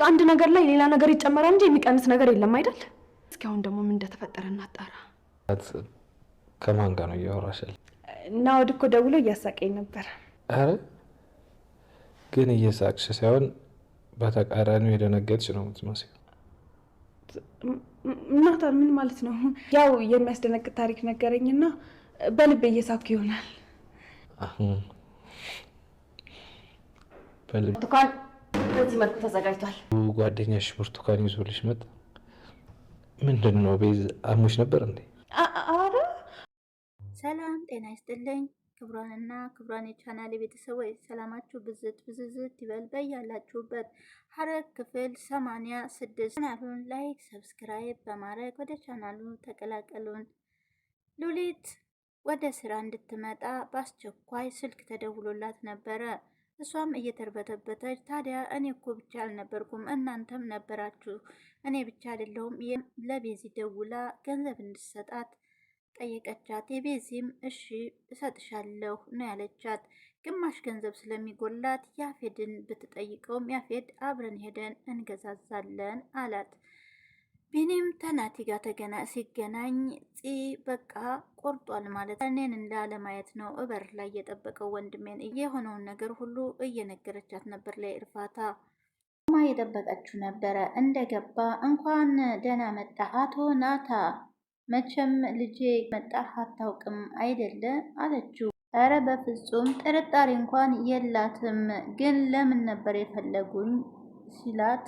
በቃ አንድ ነገር ላይ ሌላ ነገር ይጨመራል እንጂ የሚቀንስ ነገር የለም አይደል? እስኪ አሁን ደግሞ ምን እንደተፈጠረ እናጣራ። ከማን ጋር ነው እያወራሻል? እና ወድ እኮ ደውሎ እያሳቀኝ ነበር። አረ ግን እየሳቅሽ ሳይሆን በተቃራኒው የደነገጥሽ ነው የምትመስለው። እናታ ምን ማለት ነው? ያው የሚያስደነግጥ ታሪክ ነገረኝና በልቤ እየሳኩ ይሆናል። በኮቲ መልኩ ተዘጋጅቷል። ጓደኛሽ ብርቱካን ይዞልሽ መጣ። ምንድን ነው ቤዝ አሞሽ ነበር እንዴ? አረ ሰላም ጤና ይስጥልኝ። ክብሯንና ክብሯን የቻናል ቤተሰቦች ሰላማችሁ ብዝት ብዝዝት ይበል በያላችሁበት። ሐረግ ክፍል ሰማንያ ስድስት ቻናሉን ላይክ፣ ሰብስክራይብ በማድረግ ወደ ቻናሉ ተቀላቀሉን። ሉሊት ወደ ስራ እንድትመጣ በአስቸኳይ ስልክ ተደውሎላት ነበረ። እሷም እየተርበተበተች ታዲያ እኔ እኮ ብቻ አልነበርኩም እናንተም ነበራችሁ፣ እኔ ብቻ አይደለሁም ለቤዚ ደውላ ገንዘብ እንድሰጣት ጠየቀቻት። የቤዚም እሺ እሰጥሻለሁ ነው ያለቻት። ግማሽ ገንዘብ ስለሚጎላት ያፌድን ብትጠይቀውም ያፌድ አብረን ሄደን እንገዛዛለን አላት። ቢኒም ተናቲ ጋር ተገና ሲገናኝ ፂ በቃ ቆርጧል ማለት እኔን እንዳለ ነው። እበር ላይ የጠበቀው ወንድሜን የሆነውን ነገር ሁሉ እየነገረቻት ነበር። ላይ ማ የጠበቀችው ነበረ። እንደገባ እንኳን ደህና መጣ አቶ ናታ፣ መቼም ልጄ መጣ አታውቅም አይደለ አለችው። እረ በፍጹም ጥርጣሬ እንኳን የላትም፣ ግን ለምን ነበር የፈለጉኝ ሲላት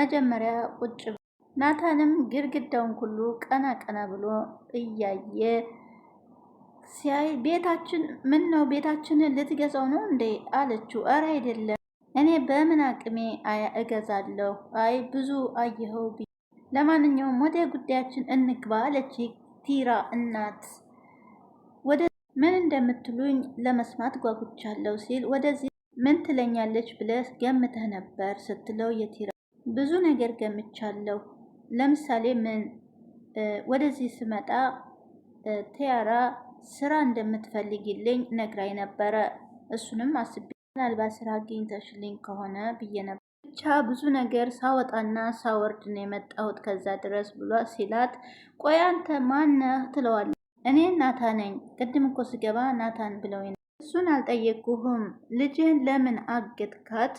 መጀመሪያ ቁጭ ናታንም ግድግዳውን ሁሉ ቀና ቀና ብሎ እያየ ሲያይ ቤታችን ምን ነው ቤታችንን ልትገዛው ነው እንዴ አለችው። እረ አይደለም እኔ በምን አቅሜ እገዛለሁ። አይ ብዙ አየኸው። ለማንኛውም ወደ ጉዳያችን እንግባ አለች ቲራ እናት። ወደ ምን እንደምትሉኝ ለመስማት ጓጉቻለሁ ሲል ወደዚህ ምን ትለኛለች ብለህ ገምተህ ነበር ስትለው የቲራ ብዙ ነገር ገምቻለሁ ለምሳሌ ምን ወደዚህ ስመጣ ቲያራ ስራ እንደምትፈልግልኝ ነግራኝ ነበረ። እሱንም አስቤ ምናልባት ስራ አግኝተሽልኝ ከሆነ ብዬ ነበር። ብቻ ብዙ ነገር ሳወጣና ሳወርድ ነው የመጣሁት ከዛ ድረስ ብሎ ሲላት፣ ቆይ አንተ ማነህ እኔ ናታ ነኝ። ቅድም እኮ ስገባ ናታን ብለው እሱን አልጠየቅኩህም። ልጅህን ለምን አገጥካት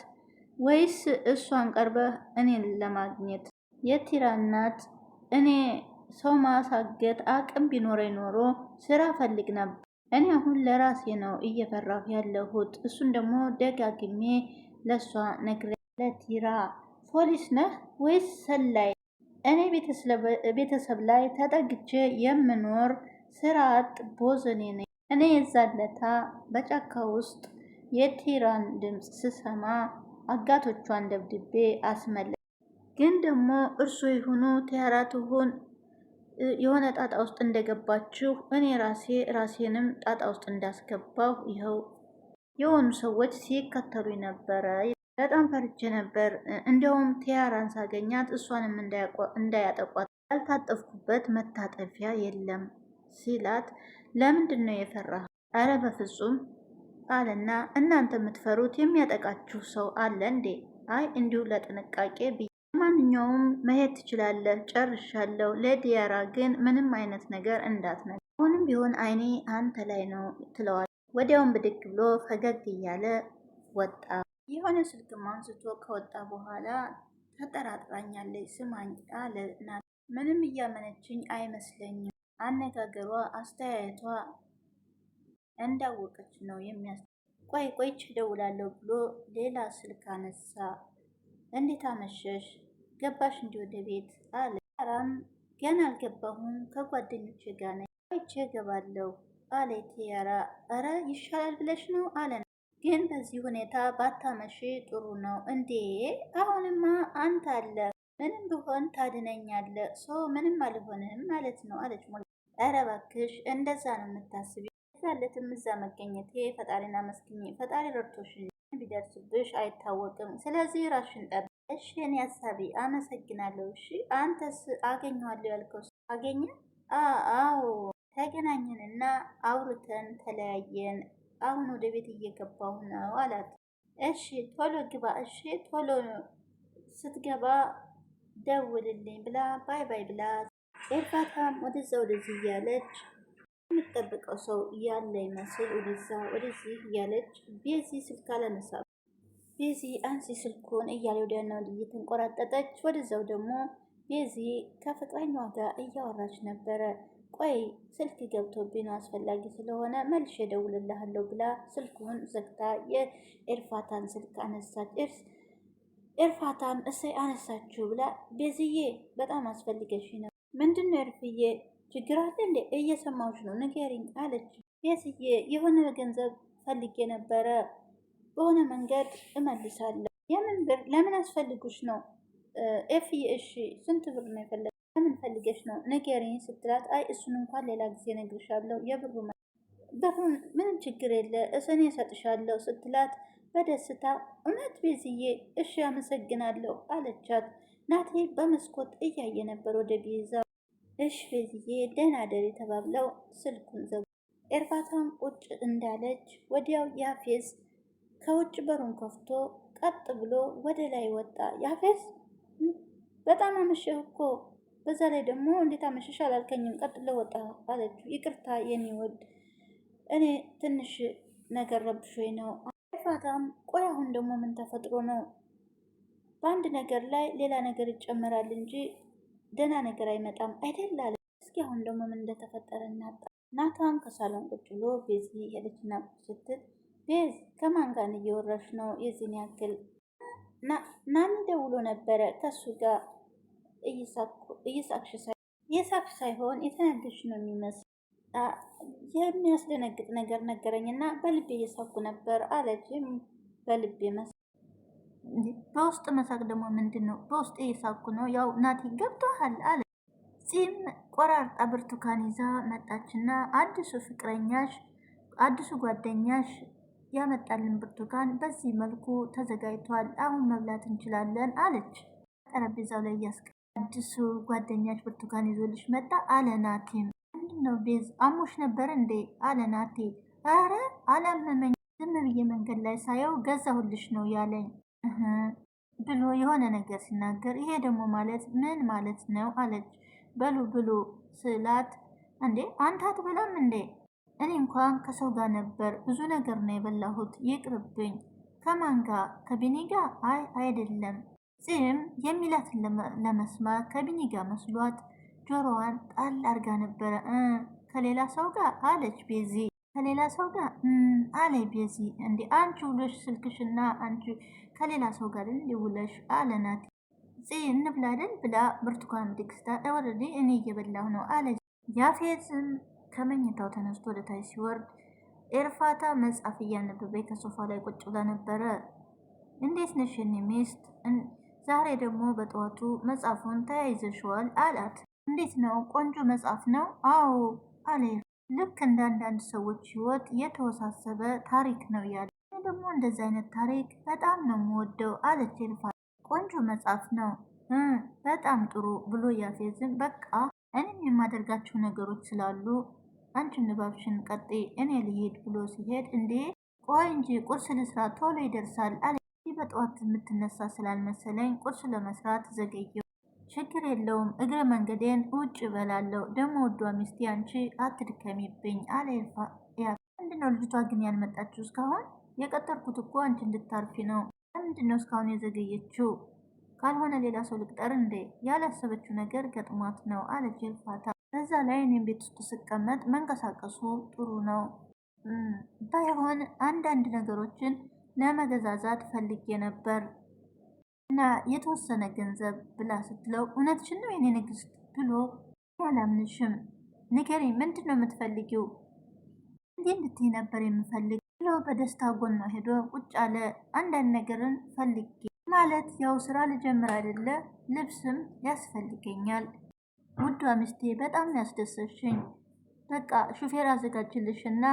ወይስ እሷን ቀርበህ እኔን ለማግኘት የቲራ እናት እኔ ሰው ማሳገት አቅም ቢኖረኝ ኖሮ ስራ ፈልግ ነበር። እኔ አሁን ለራሴ ነው እየፈራሁ ያለሁት። እሱን ደግሞ ደጋግሜ ለእሷ ነግረ ለቲራ ፖሊስ ነህ ወይስ ሰላይ? እኔ ቤተሰብ ላይ ተጠግቼ የምኖር ስራ አጥ ቦዘኔ ነኝ። እኔ የዛለታ በጫካ ውስጥ የቲራን ድምፅ ስሰማ አጋቶቿን ደብድቤ አስመለ ግን ደግሞ እርሱ ይሁኑ ቲያራ ትሁን የሆነ ጣጣ ውስጥ እንደገባችሁ እኔ ራሴ ራሴንም ጣጣ ውስጥ እንዳስገባሁ ይኸው የሆኑ ሰዎች ሲከተሉኝ ነበረ። በጣም ፈርቼ ነበር። እንዲያውም ቲያራን ሳገኛት እሷንም እንዳያጠቋት ያልታጠፍኩበት መታጠፊያ የለም ሲላት፣ ለምንድን ነው የፈራ? አረ በፍጹም አለና እናንተ የምትፈሩት የሚያጠቃችሁ ሰው አለ እንዴ? አይ እንዲሁ ለጥንቃቄ ለማንኛውም መሄድ ትችላለህ፣ ጨርሻለሁ። ለዲያራ ግን ምንም አይነት ነገር እንዳትነግር፣ አሁንም ቢሆን አይኔ አንተ ላይ ነው ትለዋል። ወዲያውን ብድግ ብሎ ፈገግ እያለ ወጣ። የሆነ ስልክም አንስቶ ከወጣ በኋላ ተጠራጥራኛለች፣ ስማኝ አለና ምንም እያመነችኝ አይመስለኝም። አነጋገሯ፣ አስተያየቷ እንዳወቀች ነው የሚያስ ቆይ ቆይ እደውላለሁ ብሎ ሌላ ስልክ አነሳ። እንዴት አመሸሽ ገባሽ እንዲ ወደ ቤት አለ። ኪያራም ገና አልገባሁም ከጓደኞች ጋር ነኝ አይቼ እገባለሁ አለ ኪያራ። እረ ይሻላል ብለሽ ነው አለ። ግን በዚህ ሁኔታ ባታመሽ ጥሩ ነው እንዴ? አሁንማ አንተ አለ ምንም ብሆን ታድነኛለ ሶ ምንም አልሆንም ማለት ነው አለች ሞ ኧረ እባክሽ እንደዛ ነው የምታስቢ ያለትም እዛ መገኘቴ ፈጣሪና መስግኝ ፈጣሪ ረድቶሽ ቢደርስብሽ አይታወቅም። ስለዚህ ራሽን ጠብ እሺ እኔ ሀሳቢ አመሰግናለሁ። እሺ አንተስ አገኘዋለሁ ያልከው አገኘ? አዎ ተገናኘን እና አውርተን ተለያየን። አሁን ወደ ቤት እየገባሁ ነው አላት። እሺ ቶሎ ግባ፣ እሺ ቶሎ ስትገባ ደውልልኝ ብላ ባይ ባይ ብላ ኤርፋታም ወደዛ ወደዚህ እያለች የምትጠብቀው ሰው ያለ ይመስል ወደዛ ወደዚህ እያለች ቤዚ ስልክ አላነሳ ቤዚ አንሲ ስልኩን እያለ ወደ ና እየተንቆራጠጠች፣ ወደዛው ደግሞ ቤዚ ከፍቅረኛዋ ጋር እያወራች ነበረ። ቆይ ስልክ ገብቶብኝ ነው አስፈላጊ ስለሆነ መልሼ እደውልልሃለሁ ብላ ስልኩን ዘግታ የኤርፋታን ስልክ አነሳች። ኤርፋታም እሰይ አነሳችሁ ብላ ቤዝዬ በጣም አስፈልገሽ ነው። ምንድን ነው ኤርፍዬ ችግር አለ እንዴ? እየሰማሁሽ ነው ንገሪኝ አለች። ቤዝዬ የሆነ ገንዘብ ፈልጌ ነበረ በሆነ መንገድ እመልሳለሁ። የምን ብር ለምን አስፈልጉሽ ነው? ኤፍ እሺ፣ ስንት ብር ነው የፈለገ? ለምን ፈልገሽ ነው? ንገሪኝ ስትላት፣ አይ እሱን እንኳን ሌላ ጊዜ ነግርሻለሁ። የብሩ ብሩን ምንም ችግር የለ እሰኔ እሰጥሻለሁ ስትላት በደስታ እውነት ቤዝዬ እሺ አመሰግናለሁ አለቻት። ናቴ በመስኮት እያየ ነበር ወደ ቤዛ። እሽ ቤዝዬ ደህና ደሪ ተባብለው ስልኩን ዘጉ። ኤርፋታን ቁጭ እንዳለች ወዲያው ያፌዝ ከውጭ በሩን ከፍቶ ቀጥ ብሎ ወደ ላይ ወጣ። ያፌስ በጣም አመሸህ እኮ በዛ ላይ ደግሞ እንዴት አመሸሽ አላልከኝም? ቀጥ ብሎ ወጣ አለችው። ይቅርታ የሚወድ እኔ ትንሽ ነገር ረብሾኝ ነው። ኤፍራታም ቆይ አሁን ደግሞ ምን ተፈጥሮ ነው? በአንድ ነገር ላይ ሌላ ነገር ይጨመራል እንጂ ደህና ነገር አይመጣም አይደል አለ። እስኪ አሁን ደግሞ ምን እንደተፈጠረ እናጣ። ናታን ከሳሎን ቁጭ ብሎ ቤዚ ሄደችና ቁጭ ስትል ቤዝ ከማን ጋር እየወረሽ ነው? የዚህን ያክል ናኒ ደውሎ ነበረ። ከሱ ጋር እየሳቅሽ የሳቅሽ ሳይሆን የተናደድሽ ነው የሚመስል የሚያስደነግጥ ነገር ነገረኝና በልቤ እየሳኩ ነበር አለችም። በልቤ መስ በውስጥ መሳቅ ደግሞ ምንድን ነው? በውስጥ እየሳኩ ነው ያው ናቲ ገብቶሃል አለ ፂም ቆራርጣ ብርቱካን ይዛ መጣችና አዲሱ ፍቅረኛሽ አዲሱ ጓደኛሽ ያመጣልን ብርቱካን በዚህ መልኩ ተዘጋጅቷል፣ አሁን መብላት እንችላለን አለች። ጠረጴዛው ላይ እያስቀ አዲሱ ጓደኛች ብርቱካን ይዞልሽ መጣ አለ ናቴም። ምንድነው ቤዝ አሞሽ ነበር እንዴ አለ ናቴ። ኧረ አላመመኝ፣ ዝም ብዬ መንገድ ላይ ሳየው ገዛሁልሽ ነው ያለኝ ብሎ የሆነ ነገር ሲናገር፣ ይሄ ደግሞ ማለት ምን ማለት ነው አለች። በሉ ብሉ ስላት፣ እንዴ አንተ አትበላም እንዴ እኔ እንኳን ከሰው ጋር ነበር ብዙ ነገር ነው የበላሁት፣ ይቅርብኝ። ከማን ጋር? ከቢኒ ጋር? አይ አይደለም። ጽም የሚላትን ለመስማት ከቢኒ ጋር መስሏት ጆሮዋን ጣል አርጋ ነበረ። ከሌላ ሰው ጋር አለች ቤዚ። ከሌላ ሰው ጋር አለ ቤዚ። እንዲ አንቺ ውሎሽ ስልክሽና አንቺ ከሌላ ሰው ጋር ልውለሽ አለናት። ጽ እንብላለን ብላ ብርቱካን ድክስታ ወረዴ እኔ እየበላሁ ነው አለች ያፌዝም ከመኝታው ተነስቶ ወደ ታች ሲወርድ ኤርፋታ መጽሐፍ እያነበበ ከሶፋ ላይ ቁጭ ብላ ነበረ። እንዴት ነሽ የኔ ሚስት? ዛሬ ደግሞ በጠዋቱ መጽሐፉን ተያይዘሽዋል አላት። እንዴት ነው ቆንጆ መጽሐፍ ነው? አዎ አለ። ልክ እንደ አንዳንድ ሰዎች ህይወት የተወሳሰበ ታሪክ ነው ያለ ደግሞ እንደዚህ አይነት ታሪክ በጣም ነው የምወደው አለች ኤርፋታ። ቆንጆ መጽሐፍ ነው በጣም ጥሩ ብሎ ያፌዝን። በቃ እኔም የማደርጋቸው ነገሮች ስላሉ አንቺ ንባብሽን ቀጤ እኔ ልሄድ ብሎ ሲሄድ እንዴ ቆይ እንጂ ቁርስ ልስራ ቶሎ ይደርሳል አለ። በጠዋት የምትነሳ ስላልመሰለኝ ቁርስ ለመስራት ዘገየው። ችግር የለውም እግረ መንገዴን ውጭ እበላለሁ። ደሞ ወዷ ሚስቴ አንቺ አትድከሚብኝ አለ። ምንድነው ልጅቷ ግን ያልመጣችው እስካሁን? የቀጠርኩት እኮ አንቺ እንድታርፊ ነው። ለምንድነው እስካሁን የዘገየችው? ካልሆነ ሌላ ሰው ልቅጠር እንዴ? ያላሰበችው ነገር ገጥሟት ነው አለች ኤልፋታ። በዛ ላይ እኔም ቤት ውስጥ ስቀመጥ መንቀሳቀሱ ጥሩ ነው። ባይሆን አንዳንድ ነገሮችን ለመገዛዛት ፈልጌ ነበር እና የተወሰነ ገንዘብ ብላ ስትለው እውነትሽን ነው የኔ ንግስት ብሎ አላምንሽም፣ ንገሪ ምንድን ነው የምትፈልጊው? እንዲህ እንድትይ ነበር የምፈልግ ብሎ በደስታ ጎኗ ሄዶ ቁጭ አለ። አንዳንድ ነገርን ፈልጌ ማለት ያው ስራ ልጀምር አይደለ ልብስም ያስፈልገኛል ውዷ ሚስቴ በጣም ያስደሰሽኝ። በቃ ሹፌር አዘጋጅልሽ እና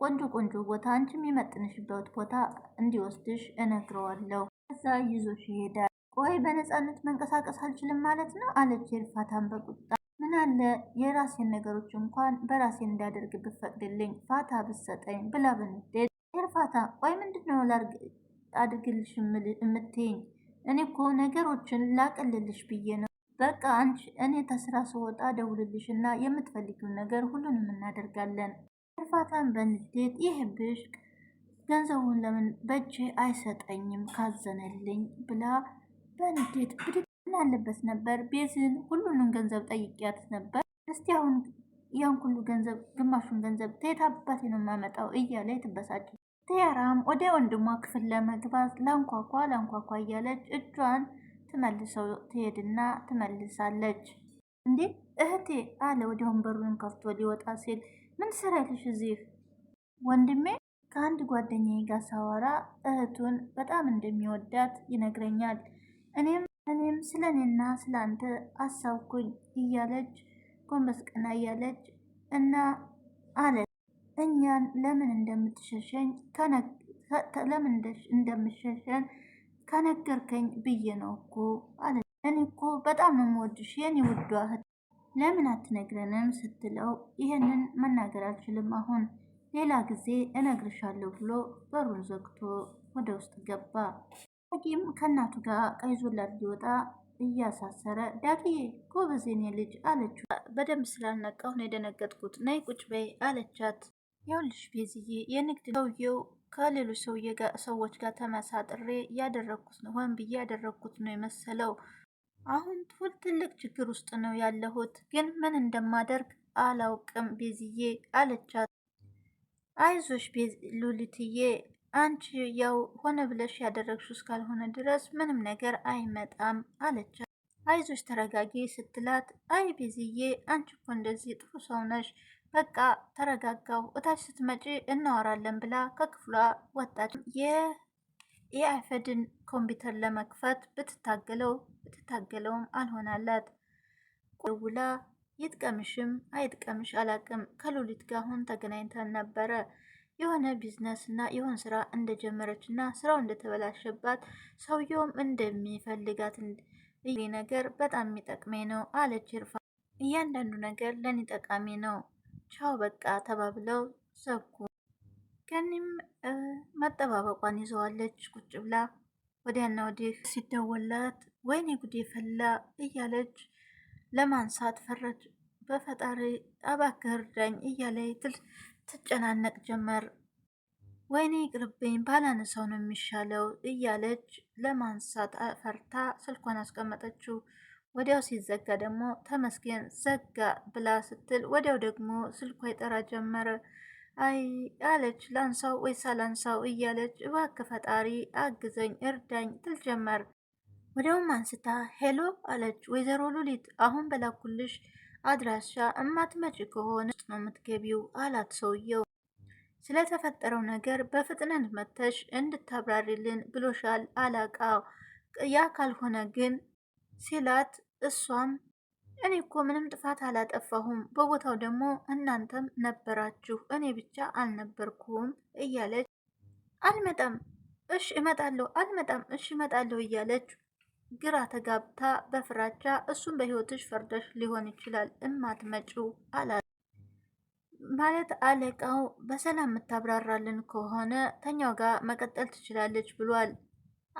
ቆንጆ ቆንጆ ቦታ አንቺ የሚመጥንሽበት ቦታ እንዲወስድሽ እነግረዋለሁ። ከዛ ይዞሽ ይሄዳል። ቆይ በነፃነት መንቀሳቀስ አልችልም ማለት ነው አለች ፋታን በቁጣ። ምን አለ የራሴን ነገሮች እንኳን በራሴ እንዳደርግ ብፈቅድልኝ ፋታ ብሰጠኝ ብላ በንዴት ፋታ ቆይ ምንድን ነው ላርግ አድርግልሽ እምትይኝ? እኔ እኮ ነገሮችን ላቀልልሽ ብዬ ነው በቃ አንቺ እኔ ተስራ ስወጣ ደውልልሽ እና የምትፈልጊውን ነገር ሁሉንም እናደርጋለን። እርፋታን በንዴት ይህ ብሽ ገንዘቡን ለምን በእጅ አይሰጠኝም ካዘነልኝ ብላ በንዴት ብድግ አለበት ነበር። ቤዝን ሁሉንም ገንዘብ ጠይቂያት ነበር። እስቲ አሁን ያን ሁሉ ገንዘብ ግማሹን ገንዘብ ተየታባቴ ነው የማመጣው እያለ ትበሳጭ። ተያራም ወደ ወንድሟ ክፍል ለመግባት ላንኳኳ ላንኳኳ እያለች እጇን ትመልሰው ትሄድና ትመልሳለች። እንዴ እህቴ አለ ወዲያውም በሩን ከፍቶ ሊወጣ ሲል ምን ትሰሪያለሽ እዚህ? ወንድሜ ከአንድ ጓደኛዬ ጋር ሳወራ እህቱን በጣም እንደሚወዳት ይነግረኛል። እኔም እኔም ስለ እኔና ስለ አንተ አሳብኩኝ እያለች ጎንበስ ቀና እያለች እና አለ እኛን ለምን እንደምትሸሸኝ ለምን እንደምትሸሸን ከነገርከኝ ብዬ ነው እኮ አለ። እኔ እኮ በጣም ነው የምወድሽ የኔ ውዷ እህት ለምን አትነግረንም ስትለው ይህንን መናገር አልችልም አሁን ሌላ ጊዜ እነግርሻለሁ ብሎ በሩን ዘግቶ ወደ ውስጥ ገባ። ዳጊም ከእናቱ ጋር ቀይዞላት ሊወጣ እያሳሰረ ዳጊ ጎበዝ ልጅ አለችው። በደንብ ስላልነቃሁ ነው የደነገጥኩት ነይ ቁጭ በይ አለቻት። ያውልሽ ቤዝዬ የንግድ ሰውየው ከሌሎች ሰዎች ጋር ተመሳጥሬ ያደረግኩት ነው፣ ሆን ብዬ ያደረግኩት ነው የመሰለው። አሁን ሁል ትልቅ ችግር ውስጥ ነው ያለሁት፣ ግን ምን እንደማደርግ አላውቅም ቤዝዬ አለቻት። አይዞሽ ሉሊትዬ፣ አንቺ ያው ሆነ ብለሽ ያደረግሽው እስካልሆነ ድረስ ምንም ነገር አይመጣም አለቻት። አይዞሽ ተረጋጊ ስትላት፣ አይ ቤዝዬ፣ አንቺ እኮ እንደዚህ ጥሩ ሰው ነሽ በቃ ተረጋጋው፣ እታች ስትመጪ እናወራለን ብላ ከክፍሏ ወጣች። የአይፈድን ኮምፒውተር ለመክፈት ብትታገለው ብትታገለውም አልሆናላት። ደውላ ይጥቀምሽም አይጥቀምሽ አላቅም ከሉሊት ጋር አሁን ተገናኝተን ነበረ የሆነ ቢዝነስ እና የሆነ ስራ እንደጀመረች እና ስራው እንደተበላሸባት ሰውየውም እንደሚፈልጋት ነገር በጣም የሚጠቅመኝ ነው አለች። እርፋ እያንዳንዱ ነገር ለእኔ ጠቃሚ ነው ቻው በቃ ተባብለው ዘጉ። ገኒም መጠባበቋን ይዘዋለች። ቁጭ ብላ ወዲያና ወዲህ ሲደወላት ወይኔ ጉዴ ፈላ እያለች ለማንሳት ፈረጅ በፈጣሪ እባክህ እርዳኝ እያለ ትል ትጨናነቅ ጀመር። ወይኔ ቅርብኝ ባላነሳው ነው የሚሻለው እያለች ለማንሳት ፈርታ ስልኳን አስቀመጠችው። ወዲያው ሲዘጋ ደግሞ ተመስገን ዘጋ ብላ ስትል ወዲያው ደግሞ ስልኳ ይጠራ ጀመረ። አይ አለች ላንሳው ወይስ አላንሳው እያለች እባክህ ፈጣሪ አግዘኝ እርዳኝ ትል ጀመር። ወዲያውም አንስታ ሄሎ አለች። ወይዘሮ ሉሊት አሁን በላኩልሽ አድራሻ እማትመጪ ከሆነ ነው የምትገቢው አላት ሰውየው። ስለተፈጠረው ነገር በፍጥነት መተሽ እንድታብራሪልን ብሎሻል አላቃ ያ ካልሆነ ግን ሲላት እሷም እኔ እኮ ምንም ጥፋት አላጠፋሁም፣ በቦታው ደግሞ እናንተም ነበራችሁ፣ እኔ ብቻ አልነበርኩም እያለች አልመጣም፣ እሽ እመጣለሁ፣ አልመጣም፣ እሽ እመጣለሁ እያለች ግራ ተጋብታ በፍራቻ እሱም በህይወትሽ ፈርደሽ ሊሆን ይችላል እማት መጩ አላት። ማለት አለቃው በሰላም የምታብራራልን ከሆነ ተኛው ጋር መቀጠል ትችላለች ብሏል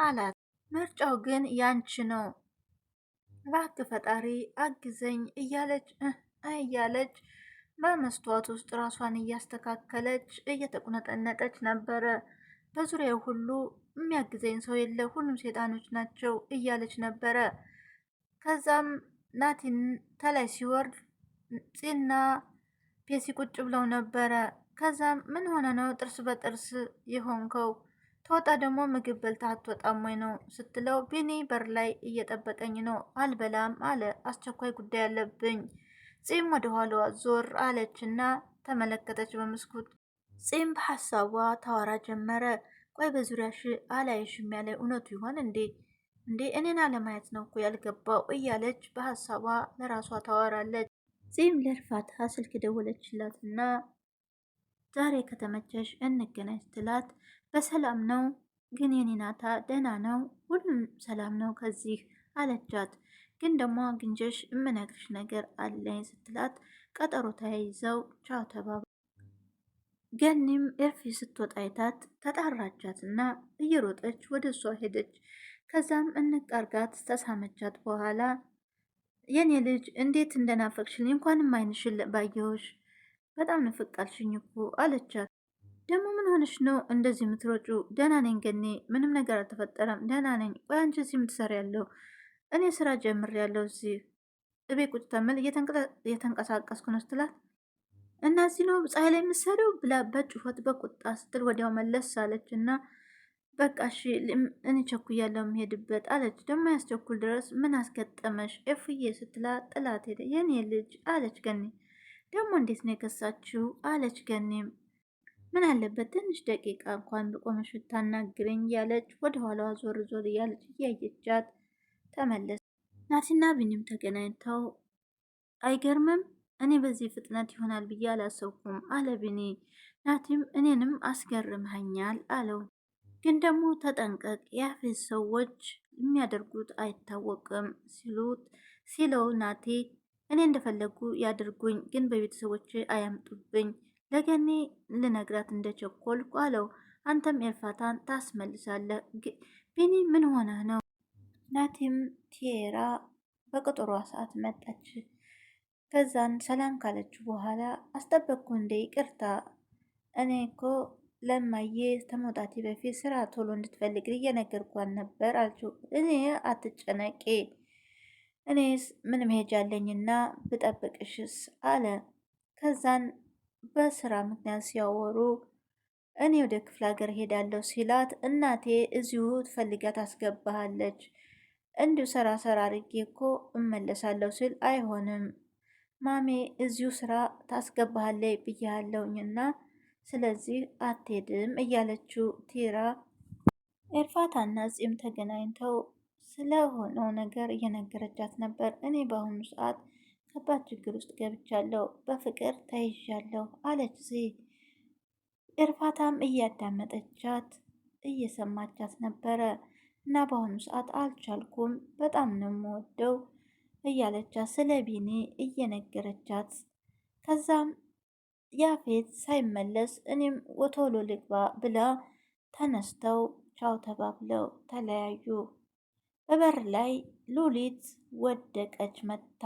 አላት። ምርጫው ግን ያንቺ ነው ባክ ፈጣሪ አግዘኝ እያለች እያለች በመስተዋት ውስጥ ራሷን እያስተካከለች እየተቁነጠነጠች ነበረ። በዙሪያው ሁሉ የሚያግዘኝ ሰው የለ፣ ሁሉም ሴጣኖች ናቸው እያለች ነበረ። ከዛም ናቲን ተላይ ሲወርድ ፂና ፔሲ ቁጭ ብለው ነበረ። ከዛም ምን ሆነ ነው ጥርስ በጥርስ የሆንከው ተወጣ ደግሞ ምግብ በልታ አትወጣም ወይ ነው ስትለው፣ ቢኒ በር ላይ እየጠበቀኝ ነው አልበላም አለ። አስቸኳይ ጉዳይ አለብኝ። ጺም ወደ ኋላዋ ዞር አለችና ተመለከተች በመስኮት። ጺም በሀሳቧ ታወራ ጀመረ። ቆይ በዙሪያሽ አላየሽም ያለ እውነቱ ይሆን እንዴ? እንዴ እኔን አለማየት ነው እኮ ያልገባው እያለች በሀሳቧ ለራሷ ታወራለች። ጺም ለእርፋታ ስልክ ደወለችላትና ዛሬ ከተመቸሽ እንገናኝ ስትላት በሰላም ነው ግን የኔ ናታ ደህና ነው፣ ሁሉም ሰላም ነው ከዚህ አለቻት። ግን ደግሞ ግንጀሽ የምነግርሽ ነገር አለኝ ስትላት ቀጠሮ ተያይዘው ቻው ተባባ ገኒም እርፊ ስትወጣ አይታት ተጣራቻት እና እየሮጠች ወደ እሷ ሄደች። ከዛም እንቃርጋት ተሳመቻት። በኋላ የኔ ልጅ እንዴት እንደናፈቅሽልኝ እንኳንም አይንሽል ባየሁሽ በጣም ንፍቃልሽኝ እኮ አለቻት። ደግሞ ምን ሆነሽ ነው እንደዚህ የምትሮጩ? ደህና ነኝ ገኔ፣ ምንም ነገር አልተፈጠረም፣ ደህና ነኝ። ቆይ አንቺ እዚህ የምትሰሪ ያለው? እኔ ስራ ጀምር ያለው እዚህ እቤት ቁጭ ተምል እየተንቀሳቀስኩ ነው ስትላት እና እዚህ ነው ፀሐይ ላይ የምትሰሪው ብላ በጩኸት በቁጣ ስትል ወዲያው መለስ አለች እና በቃ እሺ እኔ ቸኩያለሁ የምሄድበት አለች። ደግሞ ያስቸኩል ድረስ ምን አስገጠመሽ ኤፍዬ ስትላ ጥላት ሄደ። የኔ ልጅ አለች ገኔ። ደግሞ እንዴት ነው የከሳችው አለች ገኔም ምን አለበት ትንሽ ደቂቃ እንኳን ብቆመሽ ብታናግረኝ እያለች ወደ ኋላዋ ዞር ዞር እያለች እያየቻት ተመለሰ። ናቲና ቢኒም ተገናኝተው አይገርምም፣ እኔ በዚህ ፍጥነት ይሆናል ብዬ አላሰብኩም አለ ቢኒ። ናቲም እኔንም አስገርምሃኛል አለው። ግን ደግሞ ተጠንቀቅ፣ የአፌዝ ሰዎች የሚያደርጉት አይታወቅም ሲሉት ሲለው ናቲ እኔ እንደፈለጉ ያድርጉኝ፣ ግን በቤተሰቦች አያምጡብኝ ለገኒ ልነግራት እንደቸኮልኩ አለው። አንተም ኤልፋታን ታስመልሳለህ። ቢኒ ምን ሆነ ነው? ናቲም ቲራ በቅጥሯ ሰዓት መጣች። ከዛን ሰላም ካለች በኋላ አስጠበቅኩ እንደ ይቅርታ፣ እኔ እኮ ለማየ ከመውጣቴ በፊት ስራ ቶሎ እንድትፈልግ እየነገርኳት ነበር አለችው። እኔ አትጨነቂ፣ እኔስ ምን መሄጃ ብጠብቅሽስ አለ። ከዛን በስራ ምክንያት ሲያወሩ እኔ ወደ ክፍለ ሀገር ሄዳለሁ ሲላት እናቴ እዚሁ ትፈልጋ ታስገባሃለች እንዲሁ ሰራ ሰራ አድርጌ እኮ እመለሳለሁ ሲል አይሆንም ማሜ እዚሁ ስራ ታስገባሃለይ ብያለውኝና ስለዚህ አትሄድም እያለችው ቲራ ኤርፋታና ፂም ተገናኝተው ስለሆነው ነገር እየነገረቻት ነበር። እኔ በአሁኑ ሰዓት ከባድ ችግር ውስጥ ገብቻለሁ፣ በፍቅር ተይዣለሁ አለች ዜድ። እርፋታም እያዳመጠቻት እየሰማቻት ነበረ እና በአሁኑ ሰዓት አልቻልኩም፣ በጣም ነው የምወደው እያለቻት ስለ ቢኒ እየነገረቻት ከዛም ያፌት ሳይመለስ እኔም ወቶሎ ልግባ ብላ ተነስተው ቻው ተባብለው ተለያዩ። በበር ላይ ሉሊት ወደቀች መታ